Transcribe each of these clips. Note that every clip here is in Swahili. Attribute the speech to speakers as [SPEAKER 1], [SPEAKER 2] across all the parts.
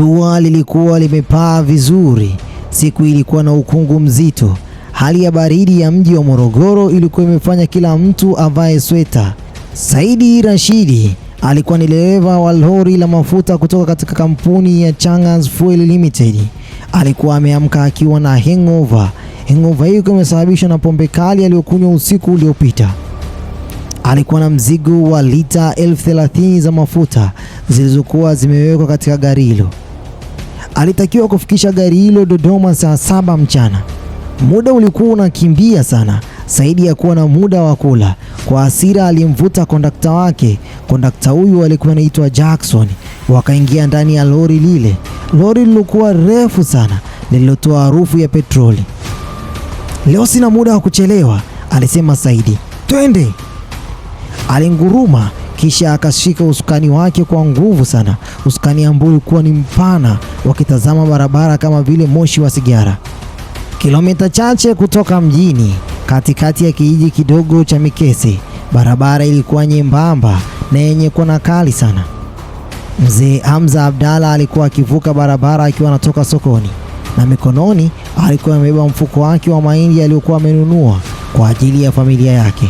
[SPEAKER 1] Jua lilikuwa limepaa vizuri, siku ilikuwa na ukungu mzito. Hali ya baridi ya mji wa Morogoro ilikuwa imefanya kila mtu avae sweta. Saidi Rashidi alikuwa ni dereva wa lori la mafuta kutoka katika kampuni ya Chang'az Fuel Limited. Alikuwa ameamka akiwa na hangover. Hangover hiyo ilikuwa imesababishwa na pombe kali aliyokunywa usiku uliopita. Alikuwa na mzigo wa lita elfu thelathini za mafuta zilizokuwa zimewekwa katika gari hilo. Alitakiwa kufikisha gari hilo Dodoma saa saba mchana. Muda ulikuwa unakimbia sana, Saidi ya kuwa na muda wa kula. Kwa hasira alimvuta kondakta wake. Kondakta huyu alikuwa anaitwa Jackson. Wakaingia ndani ya lori lile, lori lilokuwa refu sana lililotoa harufu ya petroli. Leo sina muda wa kuchelewa, alisema Saidi, twende. Alinguruma kisha akashika usukani wake kwa nguvu sana. Usukani ambao ulikuwa ni mpana, wakitazama barabara kama vile moshi wa sigara. Kilomita chache kutoka mjini, katikati ya kijiji kidogo cha Mikese, barabara ilikuwa nyembamba na yenye kona kali sana. Mzee Hamza Abdalla alikuwa akivuka barabara akiwa anatoka sokoni na mikononi alikuwa amebeba mfuko wake wa mahindi aliyokuwa amenunua kwa ajili ya familia yake.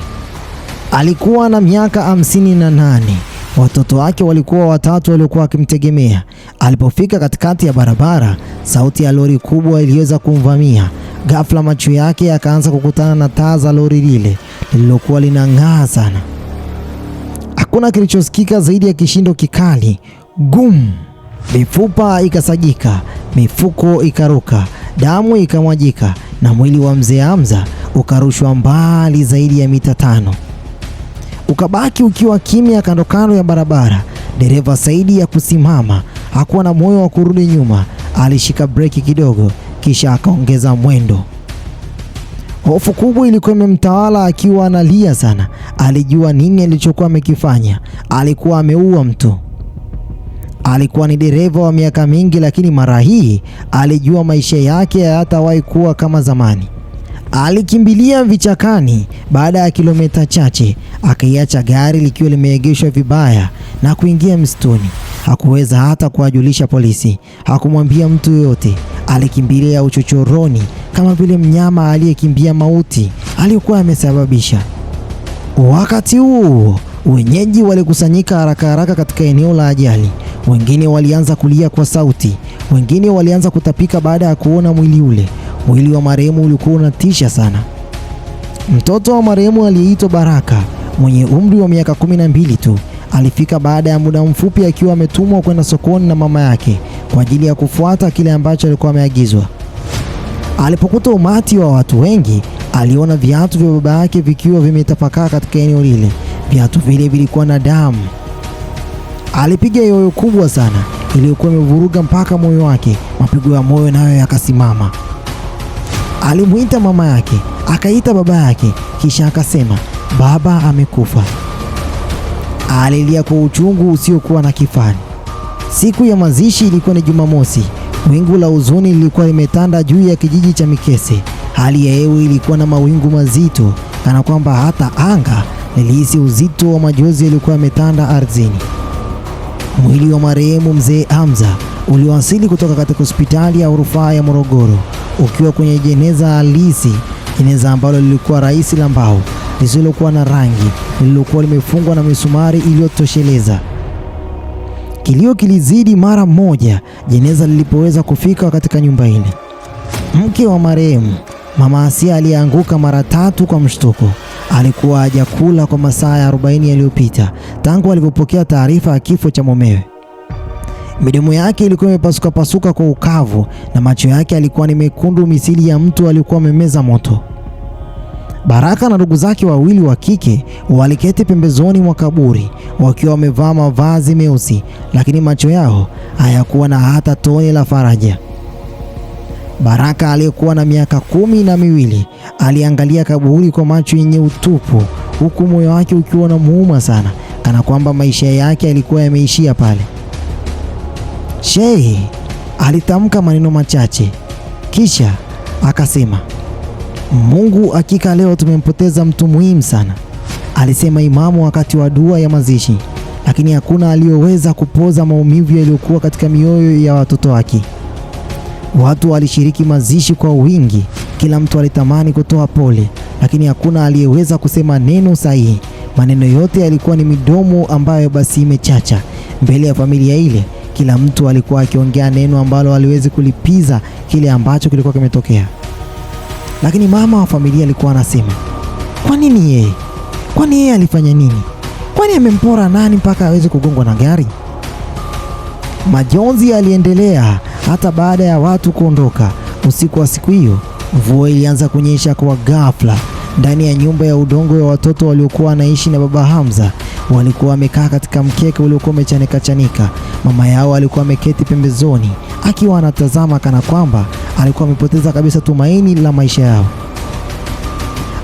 [SPEAKER 1] Alikuwa na miaka hamsini na nane. Watoto wake walikuwa watatu waliokuwa wakimtegemea. Alipofika katikati ya barabara, sauti ya lori kubwa iliweza kumvamia. Ghafla macho yake yakaanza kukutana na taa za lori lile lililokuwa linang'aa sana. Hakuna kilichosikika zaidi ya kishindo kikali gum. Mifupa ikasajika mifuko ikaruka, damu ikamwajika, na mwili wa mzee Hamza ukarushwa mbali zaidi ya mita tano ukabaki ukiwa kimya kando kando ya barabara. Dereva Saidi ya kusimama, hakuwa na moyo wa kurudi nyuma. Alishika breki kidogo, kisha akaongeza mwendo. Hofu kubwa ilikuwa imemtawala akiwa analia sana. Alijua nini alichokuwa amekifanya. Alikuwa ameua mtu. Alikuwa ni dereva wa miaka mingi, lakini mara hii alijua maisha yake hayatawahi kuwa kama zamani. Alikimbilia vichakani. Baada ya kilomita chache, akaiacha gari likiwa limeegeshwa vibaya na kuingia msituni. Hakuweza hata kuwajulisha polisi, hakumwambia mtu yoyote. Alikimbilia uchochoroni kama vile mnyama aliyekimbia mauti aliyokuwa amesababisha. Wakati huo wenyeji walikusanyika haraka haraka katika eneo la ajali. Wengine walianza kulia kwa sauti, wengine walianza kutapika baada ya kuona mwili ule. Mwili wa marehemu ulikuwa unatisha sana. Mtoto wa marehemu aliyeitwa Baraka mwenye umri wa miaka kumi na mbili tu alifika baada ya muda mfupi akiwa ametumwa kwenda sokoni na mama yake kwa ajili ya kufuata kile ambacho alikuwa ameagizwa. Alipokuta umati wa watu wengi, aliona viatu vya baba yake vikiwa vimetapakaa katika eneo lile. Viatu vile vilikuwa na damu. Alipiga yoyo kubwa sana iliyokuwa imevuruga mpaka moyo wake, mapigo ya moyo nayo yakasimama. Alimwita mama yake, akaita baba yake, kisha akasema, baba amekufa. Alilia kwa uchungu usiokuwa na kifani. Siku ya mazishi ilikuwa ni Jumamosi. Wingu la huzuni lilikuwa limetanda juu ya kijiji cha Mikese. Hali ya hewa ilikuwa na mawingu mazito, kana kwamba hata anga lilihisi uzito wa majozi yaliyokuwa yametanda ardhini. Mwili wa marehemu mzee Hamza uliwasili kutoka katika hospitali ya rufaa ya Morogoro ukiwa kwenye jeneza halisi, jeneza ambalo lilikuwa rahisi la mbao lisilokuwa na rangi, lililokuwa limefungwa na misumari iliyotosheleza. Kilio kilizidi mara moja jeneza lilipoweza kufika katika nyumba ile. Mke wa marehemu Mama Asia aliyeanguka mara tatu kwa mshtuko alikuwa hajakula kwa masaa ya 40 yaliyopita tangu alipopokea taarifa ya kifo cha mumewe. Midomo yake ilikuwa imepasuka pasuka kwa ukavu na macho yake alikuwa ni mekundu misili ya mtu aliyekuwa amemeza moto. Baraka na ndugu zake wawili wa kike waliketi pembezoni mwa kaburi wakiwa wamevaa mavazi meusi, lakini macho yao hayakuwa na hata tone la faraja. Baraka aliyekuwa na miaka kumi na miwili aliangalia kaburi kwa macho yenye utupu, huku moyo wake ukiwa na muuma sana, kana kwamba maisha yake yalikuwa yameishia pale. Shehi alitamka maneno machache kisha akasema, Mungu hakika leo tumempoteza mtu muhimu sana, alisema imamu wakati wa dua ya mazishi, lakini hakuna aliyoweza kupoza maumivu yaliyokuwa katika mioyo ya watoto wake. Watu walishiriki mazishi kwa wingi, kila mtu alitamani kutoa pole, lakini hakuna aliyeweza kusema neno sahihi. Maneno yote yalikuwa ni midomo ambayo basi imechacha mbele ya familia ile kila mtu alikuwa akiongea neno ambalo aliwezi kulipiza kile ambacho kilikuwa kimetokea. Lakini mama wa familia alikuwa anasema, kwa nini yeye? Kwani yeye alifanya nini? Kwani amempora nani mpaka aweze kugongwa na gari? Majonzi yaliendelea hata baada ya watu kuondoka. Usiku wa siku hiyo, mvua ilianza kunyesha kwa ghafla ndani ya nyumba ya udongo ya watoto waliokuwa wanaishi na baba Hamza walikuwa wamekaa katika mkeka uliokuwa umechanika chanika. Mama yao alikuwa ameketi pembezoni akiwa anatazama, kana kwamba alikuwa amepoteza kabisa tumaini la maisha yao.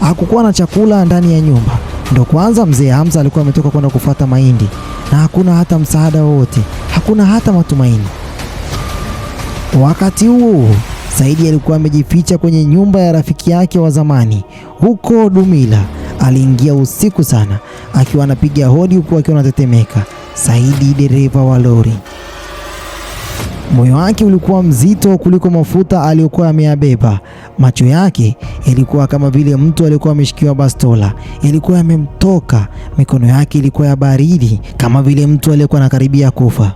[SPEAKER 1] Hakukuwa na chakula ndani ya nyumba, ndo kwanza mzee Hamza alikuwa ametoka kwenda kufata mahindi, na hakuna hata msaada wowote, hakuna hata matumaini. Wakati huo Saidi alikuwa amejificha kwenye nyumba ya rafiki yake wa zamani huko Dumila. Aliingia usiku sana akiwa anapiga hodi huku akiwa anatetemeka. Saidi, dereva wa lori, moyo wake ulikuwa mzito kuliko mafuta aliyokuwa ameyabeba. Macho yake yalikuwa kama vile mtu aliyekuwa ameshikiwa bastola, yalikuwa yamemtoka. Mikono yake ilikuwa ya baridi kama vile mtu aliyekuwa anakaribia kufa.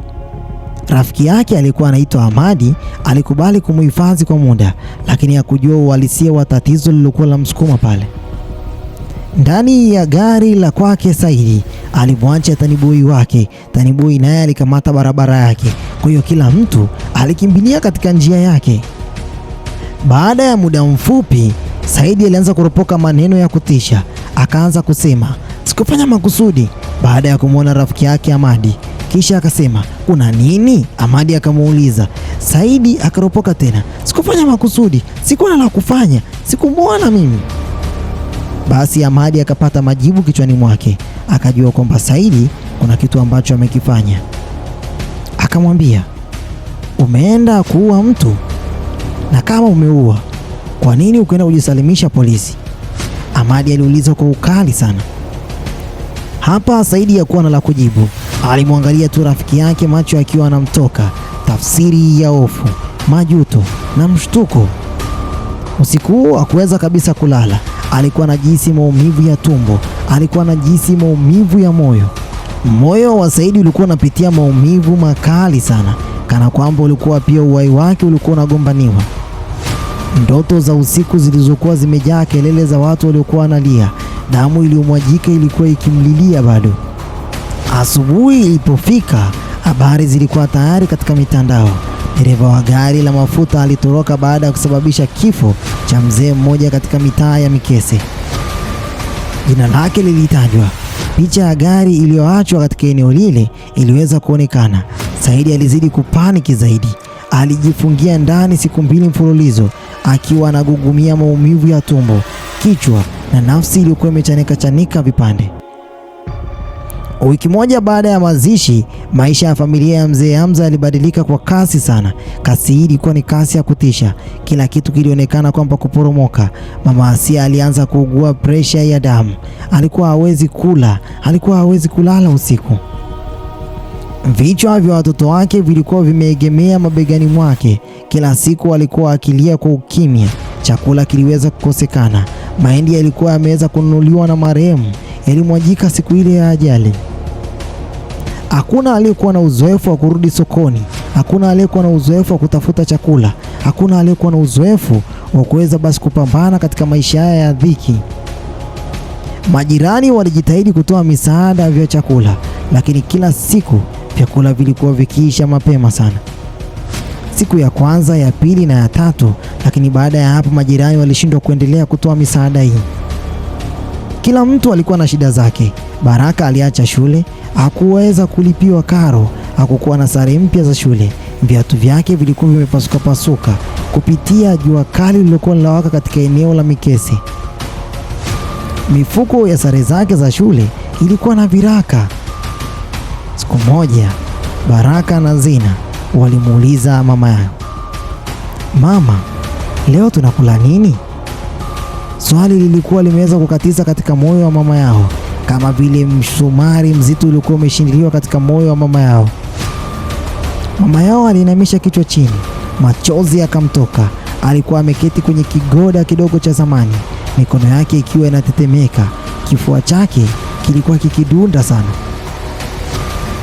[SPEAKER 1] Rafiki yake alikuwa anaitwa Ahmadi alikubali kumuhifadhi kwa muda, lakini hakujua uhalisia wa tatizo lililokuwa la msukuma pale ndani ya gari la kwake Saidi alimwacha Taniboi wake. Taniboi naye alikamata barabara yake, kwa hiyo kila mtu alikimbilia katika njia yake. Baada ya muda mfupi, Saidi alianza kuropoka maneno ya kutisha, akaanza kusema sikufanya makusudi, baada ya kumwona rafiki yake Amadi. Kisha akasema kuna nini? Amadi akamuuliza. Saidi akaropoka tena, sikufanya makusudi, sikuwa na la kufanya, sikumwona mimi. Basi Amadi akapata majibu kichwani mwake, akajua kwamba Saidi kuna kitu ambacho amekifanya. Akamwambia, umeenda kuua mtu, na kama umeua, kwa nini ukaenda kujisalimisha polisi? Amadi aliuliza kwa ukali sana. Hapa Saidi hakuwa na la kujibu, alimwangalia tu rafiki yake, macho akiwa anamtoka tafsiri ya hofu, majuto na mshtuko. Usiku huo hakuweza kabisa kulala, alikuwa anajihisi maumivu ya tumbo, alikuwa anajihisi maumivu ya moyo. Moyo wa Saidi ulikuwa unapitia maumivu makali sana, kana kwamba ulikuwa pia uhai wake ulikuwa unagombaniwa. Ndoto za usiku zilizokuwa zimejaa kelele za watu waliokuwa wanalia, damu iliyomwajika ilikuwa ikimlilia bado. Asubuhi ilipofika, Habari zilikuwa tayari katika mitandao. Dereva wa gari la mafuta alitoroka baada ya kusababisha kifo cha mzee mmoja katika mitaa ya Mikese. Jina lake lilitajwa. Picha ya gari iliyoachwa katika eneo lile iliweza kuonekana. Saidi alizidi kupaniki zaidi. Alijifungia ndani siku mbili mfululizo akiwa anagugumia maumivu ya tumbo, kichwa na nafsi iliyokuwa imechanika chanika vipande. Wiki moja baada ya mazishi, maisha ya familia ya mzee Hamza yalibadilika kwa kasi sana. Kasi hii ilikuwa ni kasi ya kutisha. Kila kitu kilionekana kwamba kuporomoka. Mama Asia alianza kuugua presha ya damu, alikuwa hawezi kula, alikuwa hawezi kulala usiku. Vichwa vya watoto wake vilikuwa vimeegemea mabegani mwake. Kila siku alikuwa akilia kwa ukimya. Chakula kiliweza kukosekana. Mahindi yalikuwa yameweza kununuliwa na marehemu yalimwajika siku ile ya ajali. Hakuna aliyekuwa na uzoefu wa kurudi sokoni, hakuna aliyekuwa na uzoefu wa kutafuta chakula, hakuna aliyekuwa na uzoefu wa kuweza basi kupambana katika maisha haya ya dhiki. Majirani walijitahidi kutoa misaada vya chakula, lakini kila siku vyakula vilikuwa vikiisha mapema sana, siku ya kwanza, ya pili na ya tatu. Lakini baada ya hapo majirani walishindwa kuendelea kutoa misaada hii. Kila mtu alikuwa na shida zake. Baraka aliacha shule, hakuweza kulipiwa karo, hakukuwa na sare mpya za shule, viatu vyake vilikuwa vimepasuka pasuka kupitia jua kali lililokuwa linawaka katika eneo la Mikese. Mifuko ya sare zake za shule ilikuwa na viraka. Siku moja Baraka na Zina walimuuliza mama yao, mama, leo tunakula nini? Swali lilikuwa limeweza kukatiza katika moyo wa mama yao, kama vile msumari mzito uliokuwa umeshindiliwa katika moyo wa mama yao. Mama yao aliinamisha kichwa chini, machozi yakamtoka. Alikuwa ameketi kwenye kigoda kidogo cha zamani, mikono yake ikiwa inatetemeka. Kifua chake kilikuwa kikidunda sana.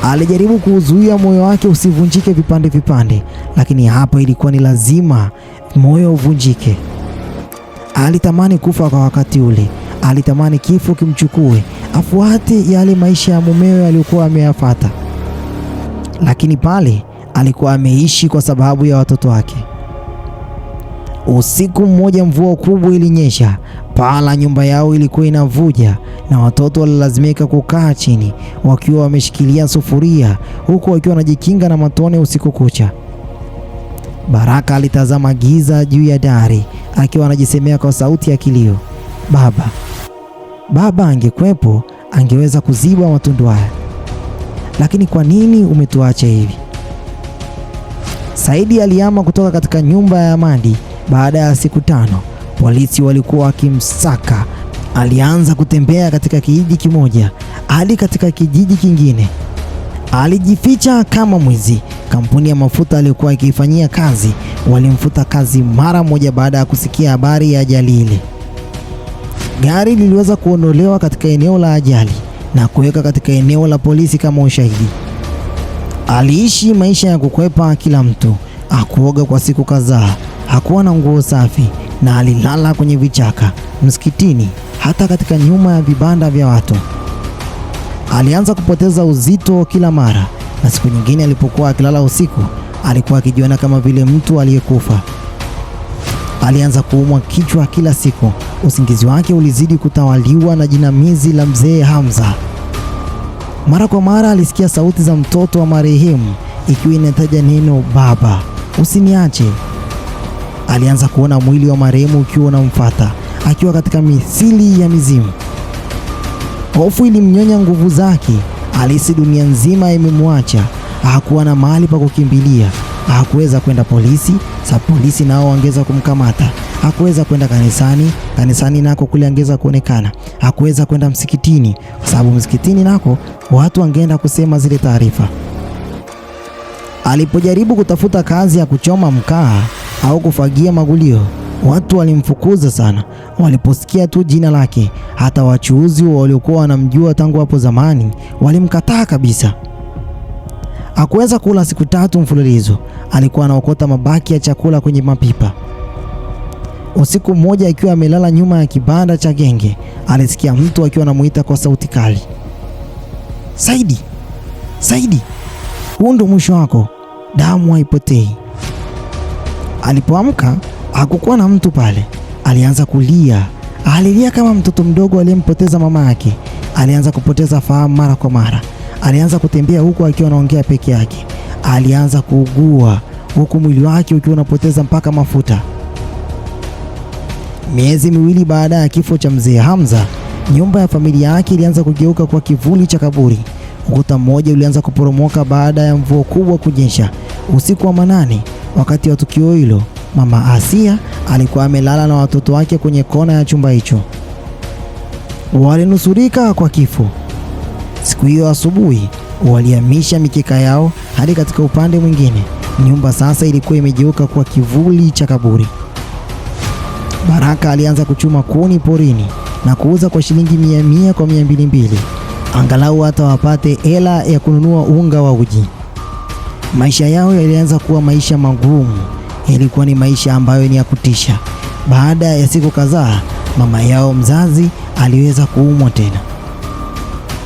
[SPEAKER 1] Alijaribu kuuzuia moyo wake usivunjike vipande vipande, lakini hapa ilikuwa ni lazima moyo uvunjike. Alitamani kufa kwa wakati ule, alitamani kifo kimchukue afuate yale maisha ya mumewe aliyokuwa ameyafata, lakini pale alikuwa ameishi kwa sababu ya watoto wake. Usiku mmoja, mvua kubwa ilinyesha, paa la nyumba yao ilikuwa inavuja na watoto walilazimika kukaa chini wakiwa wameshikilia sufuria, huku wakiwa wanajikinga na matone usiku kucha. Baraka alitazama giza juu ya dari akiwa anajisemea kwa sauti ya kilio, baba baba, angekwepo angeweza kuziba matundu haya, lakini kwa nini umetuacha hivi? Saidi alihama kutoka katika nyumba ya Amadi baada ya siku tano. Polisi walikuwa wakimsaka. Alianza kutembea katika kijiji kimoja hadi katika kijiji kingine. Alijificha kama mwizi. Kampuni ya mafuta aliyokuwa ikifanyia kazi walimfuta kazi mara moja baada ya kusikia habari ya ajali ile. Gari liliweza kuondolewa katika eneo la ajali na kuweka katika eneo la polisi kama ushahidi. Aliishi maisha ya kukwepa kila mtu, hakuoga kwa siku kadhaa, hakuwa na nguo safi na alilala kwenye vichaka, msikitini, hata katika nyuma ya vibanda vya watu. Alianza kupoteza uzito kila mara, na siku nyingine alipokuwa akilala usiku alikuwa akijiona kama vile mtu aliyekufa. Alianza kuumwa kichwa kila siku. Usingizi wake ulizidi kutawaliwa na jinamizi la mzee Hamza. Mara kwa mara alisikia sauti za mtoto wa marehemu ikiwa inataja neno baba, usiniache. Alianza kuona mwili wa marehemu ukiwa unamfuata akiwa katika misili ya mizimu. Hofu ilimnyonya nguvu zake, alihisi dunia nzima imemwacha hakuwa na mahali pa kukimbilia, hakuweza kwenda polisi, sa polisi nao wangeweza kumkamata. Hakuweza kwenda kanisani, kanisani nako kule angeweza kuonekana. Hakuweza kwenda msikitini, kwa sababu msikitini nako watu wangeenda kusema zile taarifa. Alipojaribu kutafuta kazi ya kuchoma mkaa au kufagia magulio, watu walimfukuza sana waliposikia tu jina lake. Hata wachuuzi waliokuwa wanamjua tangu hapo zamani walimkataa kabisa. Hakuweza kula siku tatu mfululizo. Alikuwa anaokota mabaki ya chakula kwenye mapipa. Usiku mmoja, akiwa amelala nyuma ya kibanda cha genge, alisikia mtu akiwa anamuita kwa sauti kali, Saidi, Saidi, huu ndo mwisho wako, damu haipotei. Alipoamka hakukuwa na mtu pale. Alianza kulia, alilia kama mtoto mdogo aliyempoteza mama yake. Alianza kupoteza fahamu mara kwa mara. Alianza kutembea huku akiwa anaongea peke yake. Alianza kuugua huku mwili wake ukiwa unapoteza mpaka mafuta. Miezi miwili baada ya kifo cha mzee Hamza, nyumba ya familia yake ilianza kugeuka kwa kivuli cha kaburi. Ukuta mmoja ulianza kuporomoka baada ya mvua kubwa kunyesha usiku wa manane. Wakati wa tukio hilo, mama Asia alikuwa amelala na watoto wake kwenye kona ya chumba hicho. Walinusurika kwa kifo Siku hiyo asubuhi walihamisha mikeka yao hadi katika upande mwingine. Nyumba sasa ilikuwa imegeuka kuwa kivuli cha kaburi. Baraka alianza kuchuma kuni porini na kuuza kwa shilingi mia mia kwa mia mbili mbili, angalau hata wapate hela ya kununua unga wa uji. Maisha yao yalianza kuwa maisha magumu, yalikuwa ni maisha ambayo ni ya kutisha. Baada ya siku kadhaa, mama yao mzazi aliweza kuumwa tena.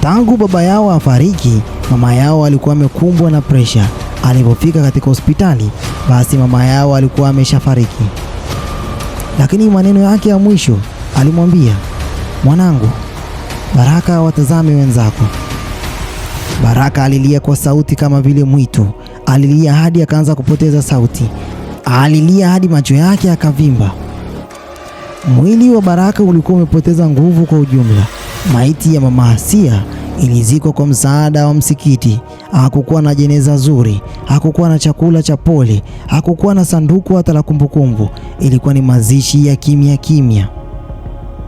[SPEAKER 1] Tangu baba yao afariki, mama yao alikuwa amekumbwa na presha. Alipofika katika hospitali, basi mama yao alikuwa ameshafariki. Lakini maneno yake ya mwisho alimwambia, mwanangu Baraka, watazame wenzako. Baraka alilia kwa sauti kama vile mwitu. Alilia hadi akaanza kupoteza sauti, alilia hadi macho yake akavimba. Mwili wa Baraka ulikuwa umepoteza nguvu kwa ujumla. Maiti ya mama Asia ilizikwa kwa msaada wa msikiti. Hakukuwa na jeneza zuri, hakukuwa na chakula cha pole, hakukuwa na sanduku hata la kumbukumbu. Ilikuwa ni mazishi ya kimya kimya.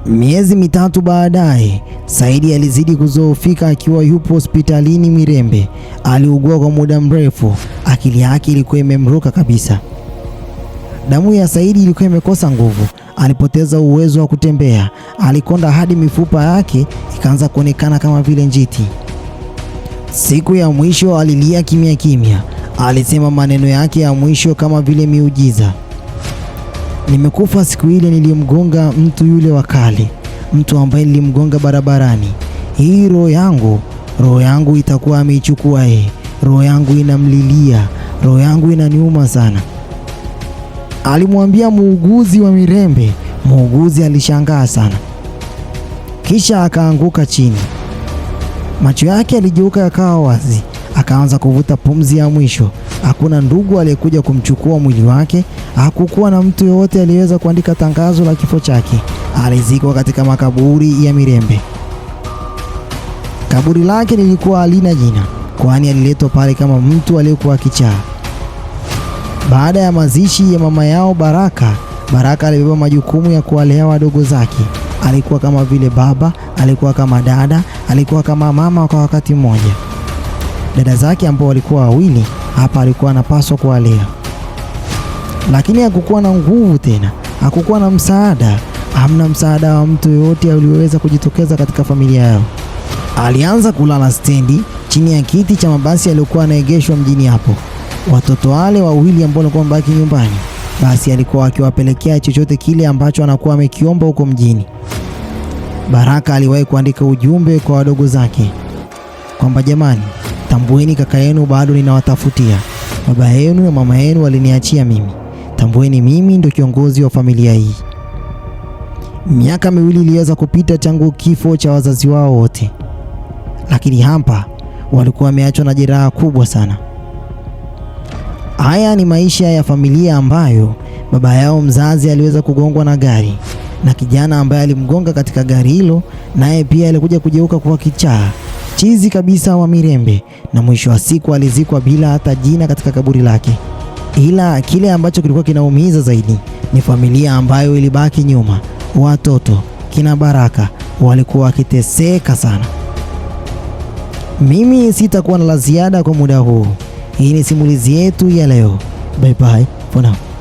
[SPEAKER 1] Miezi mitatu baadaye, Saidi alizidi kuzoofika akiwa yupo hospitalini Mirembe. Aliugua kwa muda mrefu, akili yake ilikuwa imemruka kabisa. Damu ya Saidi ilikuwa imekosa nguvu, Alipoteza uwezo wa kutembea, alikonda hadi mifupa yake ikaanza kuonekana kama vile njiti. Siku ya mwisho alilia kimya kimya, alisema maneno yake ya mwisho kama vile miujiza. Nimekufa siku ile nilimgonga mtu yule wa kale, mtu ambaye nilimgonga barabarani. Hii roho yangu, roho yangu itakuwa ameichukua yeye. Roho yangu inamlilia, roho yangu inaniuma sana alimwambia muuguzi wa Mirembe. Muuguzi alishangaa sana, kisha akaanguka chini. Macho yake yaligeuka yakawa wazi, akaanza kuvuta pumzi ya mwisho. Hakuna ndugu aliyekuja kumchukua mwili wake, hakukuwa na mtu yoyote aliyeweza kuandika tangazo la kifo chake. Alizikwa katika makaburi ya Mirembe. Kaburi lake lilikuwa halina jina, kwani aliletwa pale kama mtu aliyekuwa kichaa. Baada ya mazishi ya mama yao Baraka, Baraka alibeba majukumu ya kuwalea wadogo zake. Alikuwa kama vile baba, alikuwa kama dada, alikuwa kama mama kwa wakati mmoja. Dada zake ambao walikuwa wawili, hapa alikuwa anapaswa kuwalea, lakini hakukuwa na nguvu tena, hakukuwa na msaada, hamna msaada wa mtu yoyote aliyeweza kujitokeza katika familia yao. Alianza kulala stendi, chini ya kiti cha mabasi aliyokuwa anaegeshwa mjini hapo watoto wale wawili ambao walikuwa wamebaki nyumbani, basi alikuwa akiwapelekea chochote kile ambacho anakuwa amekiomba huko mjini. Baraka aliwahi kuandika ujumbe kwa wadogo zake kwamba jamani, tambueni kaka yenu bado ninawatafutia, baba yenu na mama yenu waliniachia mimi, tambueni mimi ndio kiongozi wa familia hii. Miaka miwili iliweza kupita tangu kifo cha wazazi wao wote, lakini hapa walikuwa wameachwa na jeraha kubwa sana. Haya ni maisha ya familia ambayo baba yao mzazi aliweza kugongwa na gari na kijana ambaye alimgonga katika gari hilo, naye pia alikuja kugeuka kuwa kichaa chizi kabisa wa Mirembe, na mwisho wa siku alizikwa bila hata jina katika kaburi lake. Ila kile ambacho kilikuwa kinaumiza zaidi ni familia ambayo ilibaki nyuma, watoto kina Baraka walikuwa wakiteseka sana. Mimi sitakuwa na la ziada kwa muda huu. Hii ni simulizi yetu ya leo. Bye bye for now.